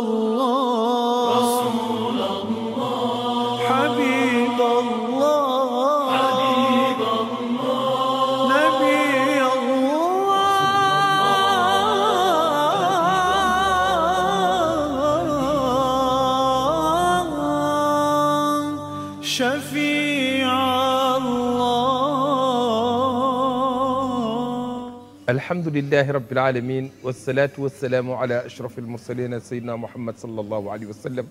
الله alhamdulilahi rabbil alamin wasalaatu wasalaamu ala ashraf almursalina sayidina muhammad salallahu alayhi wa sallam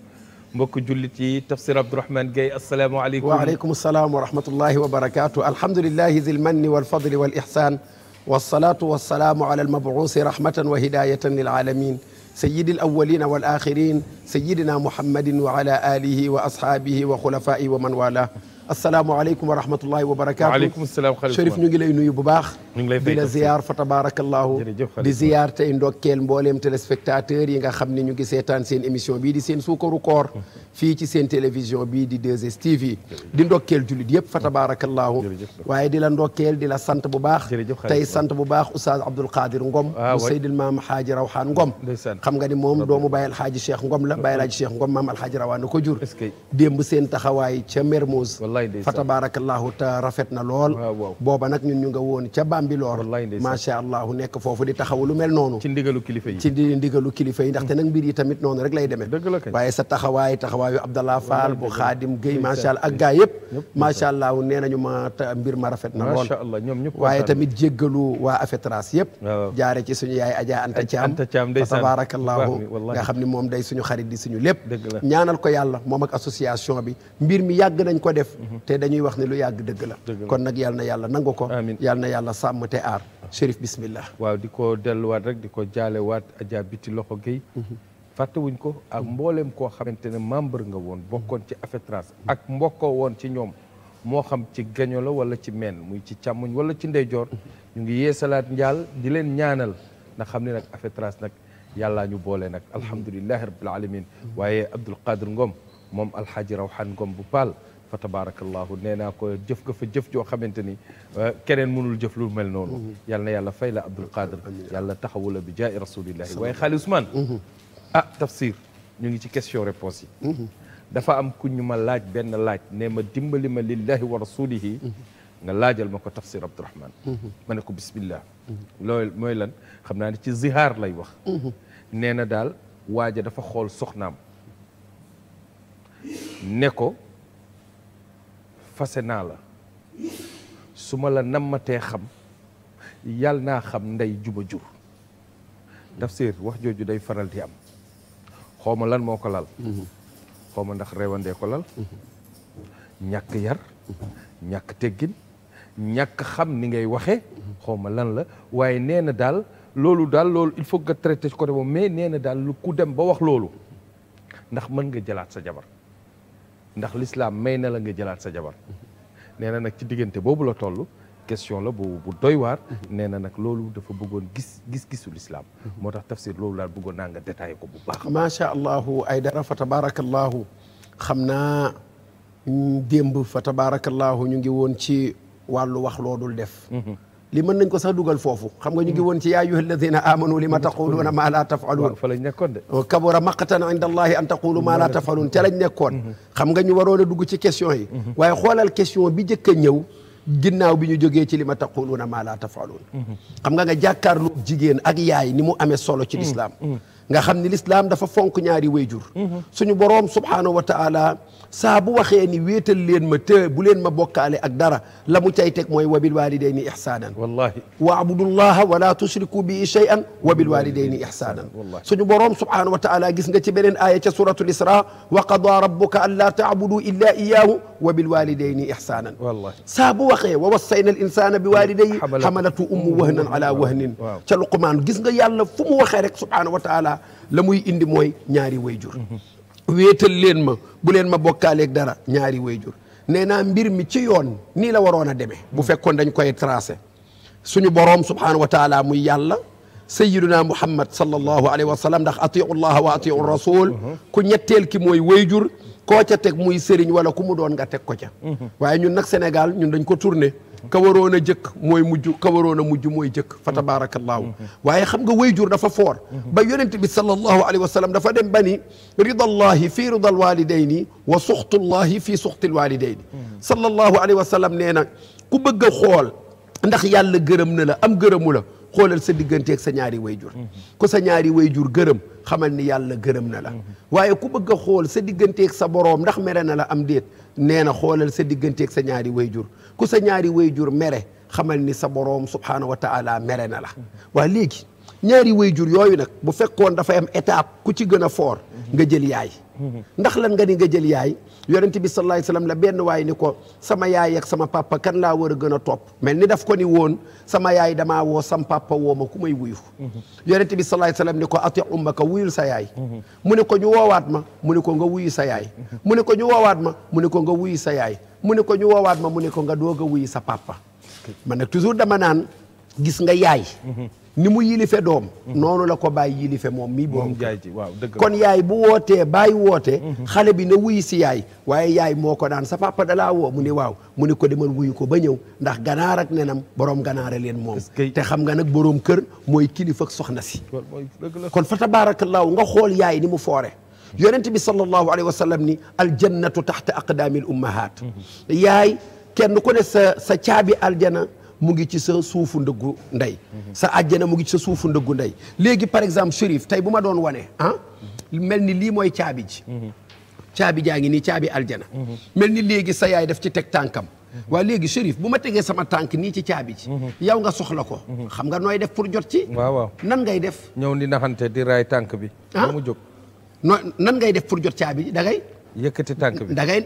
mbokk jullit yi tafsir abdourahman Gaye asalaamualeykum waaleykum salaam wa rahmatullahi wa barakatuh alhamdulilahi zi lmanni walfadli walihsan wasalaatu wasalaamu ala almabuusi rahmatan wa hidayatan lilaalamin سيد الأولين والآخرين سيدنا محمد وعلى آله وأصحابه وخلفائه ومن والاه asalaamaaleykum wa rahmatullahi wa barakaatu. waaleykum salaam Cherif ñu ngi lay nuyu bu baax. ñu ngi lay fay di la ziar fa tabaarakallaahu di ziar ndokkeel mbooleem téléspectateur yi nga xam ne ñu ngi seetaan seen émission bii di seen suukaru koor. fii ci seen télévision bii di 2STV. di ndokkeel jullit yëpp fa tabaarakallaahu waaye di la ndokkeel di la sant bu baax. tey sant bu baax Oustaz Abdoul Qadir Ngom. waaw ah, waay Seydil Maam Xaaji Rawxaan Ngom. xam nga ni moom doomu Baye Alxaaji Cheikh Ngom la Baye Alxaaji Cheikh Ngom maam Alxaaji Rawaan ko jur. démb seen taxawaay ca Mermoz fa tabaarakallaahu te rafet na lool booba nag ñun ñu nga woon ca Bambilor macha allah nekk foofu di taxaw lu mel noonu ci ndigalu kilifa yi ci ndigalu kilifa yi ndaxte nag mbir yi tamit noonu rek lay demee waaye sa taxawaay taxawaayu Abdallah Fall bu Xaadim Guèye macha allah ak gaa yëpp macha allah nee nañu ma mbir ma rafet na lool waaye tamit jéggalu waa Afetras yëpp jaare ci suñu yaay Adja Anta Thiam fa tabaarakallaahu nga xam ni moom day suñu xarit di suñu lépp ñaanal ko yàlla moom ak association te dañuy wax ne lu yàgg dëgg la kon nag yal na yàlla nangu ko yal na yàlla sàmm te aar Chérif bismillah waaw di ko delluwaat rek di ko jaalewaat Adja Biti Loxo Guèye mhm. fàttewuñ ko ak mhm. mbooleem koo xamante ne membre nga woon bokkoon ci AFETRAS ak mbokkoo woon ci ñoom moo xam ci gaño la wala ci meen muy ci càmmoñ wala ci ndeyjoor mhm. ñu ngi yeesalaat njaal di leen ñaanal na xam ne nag AFETRAS nag yàllaa ñu boole nag alhamdulilahi rabbil alamin waaye Abdoul Qadir ngoom moom alxaaji bu Paal fa tabaarakallaahu nee naa ko jëf nga fa jëf joo xamante ni eh, keneen mënul jëf lu mel noonu mm-hmm. yàlla na yàlla fay la Abdul Qadir taxawula taxawu la i jaay rasulillahi waaye xaali Ousmane mm-hmm. ah tafsir ñu ngi ci question réponse yi mm-hmm. dafa am ku ñu ma laaj benn laaj ne ma dimbali ma lillahi wa rasulihi nga laajal ma ko tafsir Abdourahman ma ne ko bismillah loolu mooy lan xam naa ne ci zihaar lay wax nee na daal waaja dafa xool soxnaam ne ko fase naa la su ma la nammatee xam yàlla naa xam ndey juba jur tafsir wax jooju day faral di am xaw ma lan moo ko lal xaw ma ndax reewandee ko lal ñàkk yar ñàkk teggin ñàkk xam ni ngay waxe xaw ma lan la waaye nee na daal loolu daal loolu il faut nga traité côté boobu mais nee na daal lu ku dem ba wax loolu ndax mën nga jëlaat sa jabar ndax lislaam may na la nga jëlaat sa jabar nee na nag ci diggante boobu la toll question la bu bu doy waar nee na nag loolu dafa bëggoon gis gis-gisu l'islam moo tax tafsir loolu laa bëggoon naa nga détaillé ko bu baax macha allahu ay dara fa tabarakallahu xam naa mm, démb fa tabarakallahu ñu ngi woon ci wàllu wax loodul def mm-hmm. li mën nañ ko sax dugal foofu xam nga ñu ngi woon ci yaa ayyuha alladina amanu li ma taquluuna maa laa tafaluun fa lañ nekkoon de kabura maqtan inda allahi an taqulu maa laa tafaluun ca lañ nekkoon mm-hmm. xam nga ñu waroon a question yi mm-hmm. waaye xoolal question bi njëkk a ñëw bi ñu jógee ci li ma la maa laa tafaluun mm-hmm. xam nga nga jàkkaarloo jigéen ak yaay ni mu amee solo ci lislaam nga xam ni lislaam dafa fonk ñaari wayjur mhm. suñu boroom subhaanahu wa taala saa bu waxee ni wéetal leen ma te bu leen ma bokkaale ak dara la mu cay teg mooy wa bil walidayni ihsaanan wallahi wa abudullaha wala tushriku bi shay'an wa bil walidayni ihsaanan suñu boroom subhaanahu wa taala gis nga ci beneen aaya ca suratul isra wa qada rabbuka an laa taabudu illa iyaahu wa bil walidayni ihsaanan saa bu waxee wa wassayna al insaana bi walidayi xamalatu ummu wahnan ala wahnin ca luqmaan gis nga yàlla fu mu waxee rek subhaanahu wa taala la muy indi mooy ñaari wayjur wéetal leen ma bu leen ma bokkaaleek dara ñaari wayjur nee naa mbir mi ci yoon nii la waroon a demee bu fekkoon dañ koy tracé suñu boroom subhaanahu wa taala muy yàlla sayyiduna muhammad sallallahu alayhi wa sallam ndax atiu llaha wa atiu rasul ku ñetteel ki mooy wayjur koo ca teg muy sëriñ wala ku mu doon nga teg ko ca mhm. waaye ñun nag Sénégal ñun dañ ko tourné ka waroon a jëkk mooy mujj ka waroon a mujj mooy jëkk fa tabaarakallaahu mm-hmm. Mm-hmm. waaye xam nga wayjur dafa foor mm-hmm. ba yonent bi sallallahu alayhi wa sallam dafa dem ba ni ridallahi fii ridal walidayni wa suxtullahi fii suxtil walidayni sallallahu alayhi wa sallam nee na ku bëgg a xool ndax yàlla gërëm na la am gërëmu la xoolal sa digganteek sa ñaari wayjur mhm. ku sa ñaari jur gërëm xamal ni yàlla gërëm na la mhm. waaye ku bëgg a xool sa digganteek sa boroom ndax mere na la am déet nee na xoolal sa digganteek sa ñaari wayjur ku sa ñaari jur mere xamal ni sa boroom subhaanahu wa taala mere na la mhm. waa léegi ñaari jur yooyu nag bu fekkoon dafay am étape ku ci gën a fort nga jël yaay ndax lan nga ni nga jël yaay yonent bi sallallahu alayhi wasallam la benn waay ni ko sama yaay ak sama papa kan laa war a gën a topp mel ni daf ko ni woon sama yaay damaa woo sam papa woo ma ku may wuyu yonent bi sallallahu alayhi wasallam ni ko ati ummaka wuyul sa yaay mu ne ko ñu woowaat ma mu ne ko nga wuyu sa yaay mu ne ko ñu woowaat ma mu ne ko nga wuyu sa yaay mu ne ko ñu woowaat ma mu ne ko nga doog a wuyu sa papa man nag toujours dama naan gis nga yaay ni mu yilife doom noonu la ko bàyyi yilife moom mii borom jaay kon yaay bu wootee bàyyi woote mhm. xale bi na wuyu si yaay waaye yaay moo ko naan sa papa dalaa woo mu ni waaw mu ni ko demal wuyu ko ba ñëw ndax ganaarak ak nenam borom ganaare leen moom te xam nga nag borom kër mooy kilifa ak soxna si kon fa tabaarakallaahu nga xool yaay ni mu foore yonent bi sallallahu alayhi wa sallam ni aljannatu taxta aqdaamil ummahaat mhm. yaay kenn ku ne sa sa caabi aljana mu ngi ci sa suufu ndëggu ndey sa àjjana mu ngi ci sa suufu ndëggu ndey léegi par exemple Chérif tey bu ma doon wane ah mel ni lii mooy caabi ji caabi jaa ngi nii caabi aljana mel ni léegi sa yaay def ci teg tànkam waa léegi Chérif bu ma tegee sama tànk nii ci caabi ji yow nga soxla ko xam nga nooy def pour jot ci waaw waaw nan ngay def ñëw di naxante di raay tànk bi ah mu jóg noo nan ngay def pour jot caabi ji da ngay yëkkati tànk bi da ngay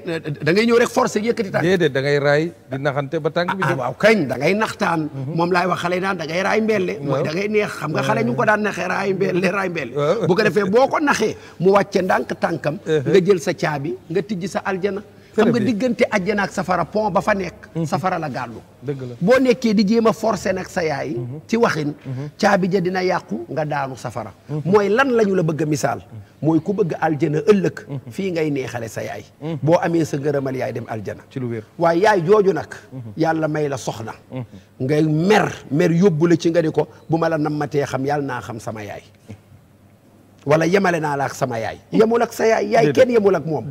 da ñëw rek force yëkkati tànk bi déedéet da ngay raay di naxante ba tànk bi. Ah, waaw kañ da ngay naxtaan. Mhm. moom laay wax xale naan da ngay raay mbelle. mooy da ngay neex xam nga xale ñu ko daan naxee raay mbelle raay mbelle. bu ko defee boo ko naxee mu wàcce ndànk tànkam. Uh-huh. nga jël sa caabi nga tijji sa aljana. xam nga diggante àjjana ak safara pont ba fa nekk mhm. safara la gàllu boo nekkee di jéem a forcé nag sa yaay mhm. ci waxin mhm. caabi ja dina yàqu nga daanu safara mooy lan la ñu la bëgg a misaal mooy ku bëgg aljana ëllëg fii ngay neexale sa yaay boo amee sa ngërëmal yaay dem aljana ci lu wér waaye yaay jooju nag yàlla may la soxna ngay mer mer yóbbu la ci nga ni ko bu ma la nammatee xam yàlla naa xam sama yaay wala yemale naa laa ak sama yaay yemu ak sa yaay yaay kenn yemul ak moom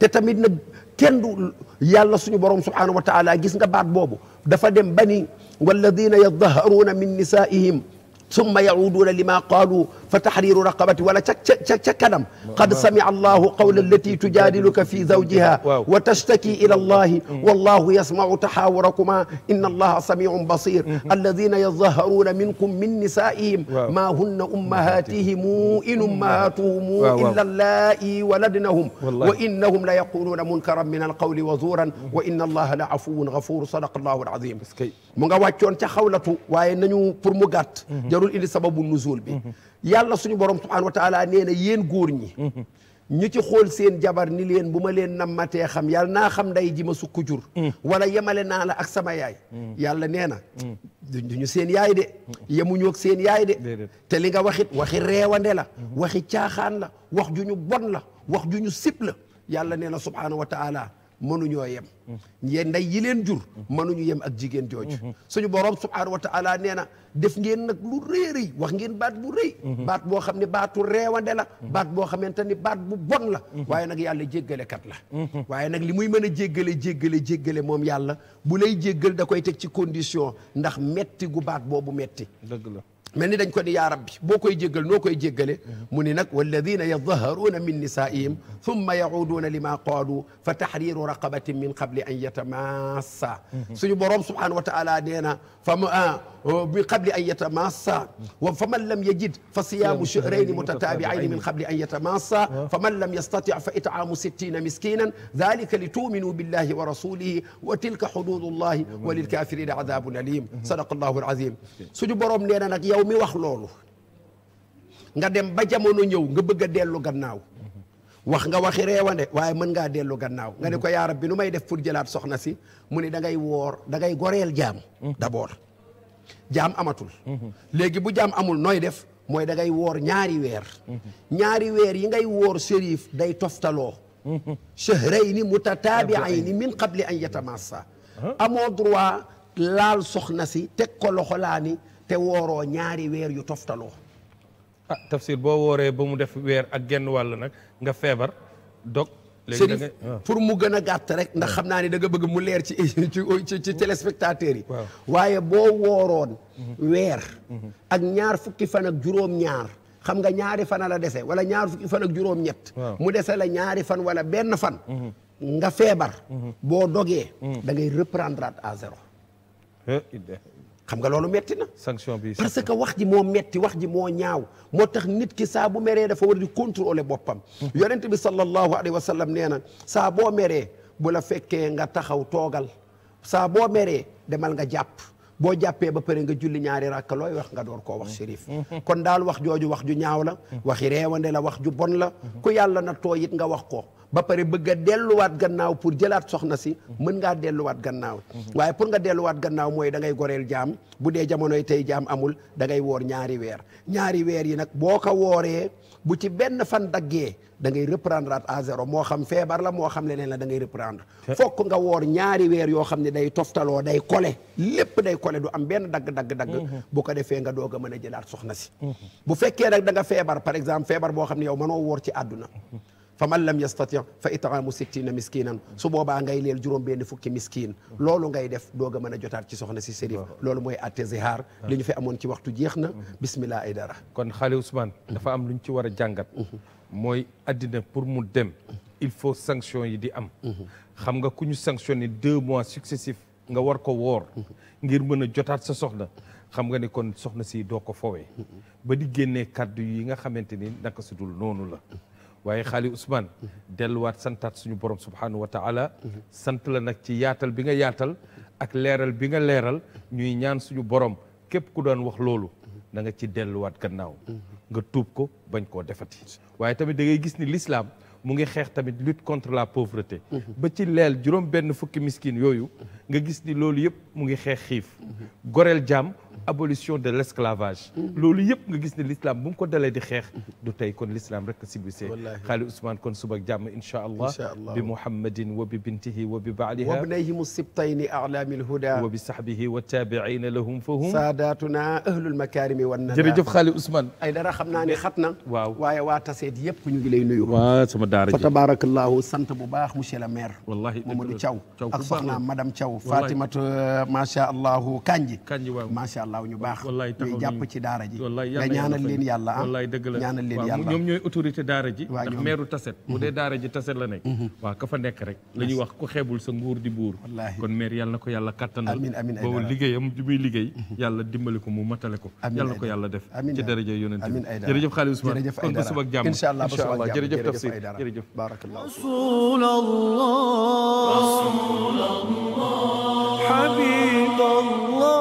te tamit nag kenn du yàlla suñu borom subhanahu wa taala gis nga baat boobu dafa dem ba ni walladina yadaharuuna min nisaihim summa yacuuduuna lima qaalu fa tahriru raqabati wala ca ca ca kanam qad samia allahu qawla allati tujadiluka fi zawjiha wa tashtaki ila allahi wallahu yasmau tahawurakuma inna allaha samiun basir alladina yazaharuna minkum min nisaihim ma hunna ummahatihim in ummahatuhum illa allai waladnahum wa innahum la yaquluna munkaran min alqawli wa zuran wa inna allaha la afuwun gafur sadaqa allahu alazim mu nga wàccoon ca xawlatu waaye nañu pour mu gàtt jarul indi sababu nuzul bi yàlla suñu borom subhaanahu wa taala nee na yéen góor ñi ñu ci xool seen jabar ni leen bu ma leen nammatee xam yàlla naa xam nday ji ma sukk jur wala yemale naa la ak sama yaay yàlla nee na duñu seen yaay de yemuñu ak seen yaay de te li nga waxit waxi reewande la waxi caaxaan la wax ju ñu bon la wax ju ñu sib la yàlla nee na subhaanahu wa mënuñoo yem yéen nday yi leen jur mënuñu yem ak jigéen jooju suñu borom subhaanahu wa taala nee na def ngeen nag lu rëy wax ngeen baat bu rëy baat boo xam ne baatu reewande la baat boo xamante ni baat bu bon la waaye nag yàlla jéggale kat la waaye nag li muy mën a jéggale jéggale jéggale moom yàlla bu lay jéggal da koy teg ci condition ndax metti gu baat boobu metti dëgg la mel ni dañ ko ni yaa rabbi boo koy jéggal noo koy jéggale mu ni nag walladina yadaharuuna min nisaihim thumma yacuuduuna lima qaalu fa tahriru raqabatin min qabli an yatamassa mhm. suñu borom subhanahu wa taala nee na fa mu min qabli an yatamassa wa fa man lam yajid fa siyaamu shahrayni mutatabi'ayni min qabli an yatamassa fa man lam yastati' fa it'aamu sittina miskinan dhalika li tu'minu billahi wa rasulihi wa tilka hududullahi wa lil kafirina adhabun alim sadaqallahu alazim suñu borom nee na nag yow mi wax loolu nga dem ba jamono ñëw nga bëgg a dellu gannaaw wax nga waxi reewande waaye mën ngaa dellu gannaaw nga ne ko yaa rabbi nu may def pour jëlaat soxna si mu ne da ngay woor da ngay goreel jaam mm. d'abord jaam amatul. léegi bu jaam amul nooy def mooy dangay woor ñaari weer. ñaari weer yi ngay woor sérif day toftaloo. shahrayni mutataabi'ayni min qabli an yatamassa amoo droit laal soxna si teg ko loxo te wooroo ñaari weer yu toftaloo. ah tafsir boo wooree ba mu def weer ak genn wàll nag nga feebar dog Chérif pour mu gën a gàtt rek ndax xam naa ni da nga bëgg mu leer ci ci ci téléspectateurs yi waaye boo wooroon mhm. weer mhm. ak ñaar fukki fan ak juróom ñaar xam nga ñaari fan la dese wala ñaar fukki fan ak juróom ñett mu dese la ñaari fan wala benn fan mhm. nga feebar boo dogee da ngay reprendre à zéro eh, xam nga loolu metti na. sanction bi parce que wax ji moo metti wax ji moo ñaaw moo tax nit ki saa bu meree dafa war di contrôler boppam. Mm-hmm. yonent bi sallallahu alayhi wa sallam nee na saa boo meree bu la fekkee nga taxaw toogal saa boo meree demal nga jàpp. boo jàppee ba pare nga julli ñaari rakk looy wax nga door koo wax shérif mm-hmm. kon daal wax jooju wax ju ñaaw la mm-hmm. waxi reewande la wax ju bon la ku yàlla na tooy it nga wax ko ba pare bëgg a delluwaat gannaaw pour jëlaat soxna si mën ngaa delluwaat gannaaw waaye pour nga delluwaat gannaaw mooy dangay goreel jaam bu dee jamonoy tey jaam amul dangay woor ñaari weer ñaari weer yi nag boo ko wooree bu ci benn fan daggee da ngay reprendre à zéro moo xam feebar la moo xam leneen la da ngay reprendre fokk nga woor ñaari weer yoo xam ne day toftaloo day kole lépp day kole du am benn dagg dagg dagg mm-hmm. bu ko defee nga doog a mën a jëlaat soxna si mm-hmm. bu fekkee nag da feebar par exemple feebar boo xam ne yow mënoo woor ci àdduna mm-hmm. fa man lam yastati fa itaamu sittina miskinan su boobaa ngay leel juróom benn fukki miskiin loolu ngay def doog a mën a jotaat ci soxna si sérif loolu mooy atte zihaar ah. li ñu amoon ci waxtu jeex na mm-hmm. bismillah ay dara kon xaali Ousmane dafa am lu ñu ci war a jàngat mm-hmm. mooy addina pour mu dem il faut sanction yi di am mm-hmm. xam nga ku ñu sanctionné deux mois successifs nga war ko woor ngir mën a jotaat sa soxna xam nga ni kon soxna si doo ko fowee ba di génnee kàddu yi nga xamante ni naka su noonu la waaye xaali Ousmane delluwaat santaat suñu borom subhanahu wa taala sant la nag ci yaatal bi nga yaatal ak leeral bi nga leeral ñuy ñaan suñu borom képp ku doon wax loolu na nga ci delluwaat gannaaw nga tuub ko bañ koo defati waaye tamit da ngay gis ni lislaam mu ngi xeex tamit lutte contre la pauvreté ba ci leel juróom benn fukki miskin yooyu nga gis ni loolu yëpp mu ngi xeex xiif goreel jaam abolition de l'esclavage loolu yëpp nga gis ne l'islam bu mu ko dalee di xeex du tey kon l'islam rek si bisee xaali Ousmane kon suba jàmm inchaa allah bi muhammadin wa bi bintihi wa bi baaliha wa bnayhimu sibtayni a'laamil huda wa bi sahbihi wa taabiina lahum fa hum saadaatuna ahlul makaarimi wan nada jërëjëf xaali Ousmane ay dara xam naa ne xat na waaw waaye waa taseet yëpp ñu ngi lay nuyu waa sama daara fa tabarakallahu sant bu baax monsieur le maire wallahi Mamadou Thiaw ak soxna madame Thiaw Fatimata macha allah kanji kanji waaw macha allah ñu baax ñuy jàpp ci daara ji nga ñaanal leen yàlla ah ñaanal leen yàlla ñoom ñooy autorité daara ji ndax meeru taset bu dee mm-hmm. daara ji taset la nekk mm-hmm. waaw ka nekk rek la wax ku xeebul sa nguur di buur kon maire yàlla ko yàlla kattanal amiin amiin boobu liggéeyam bi muy mm-hmm. mu matale ko ko yàlla def ci daraja yonent bi jërëjëf Xaali Ousmane kon ba suba allah jërëjëf tafsir jërëjëf barakallah رسول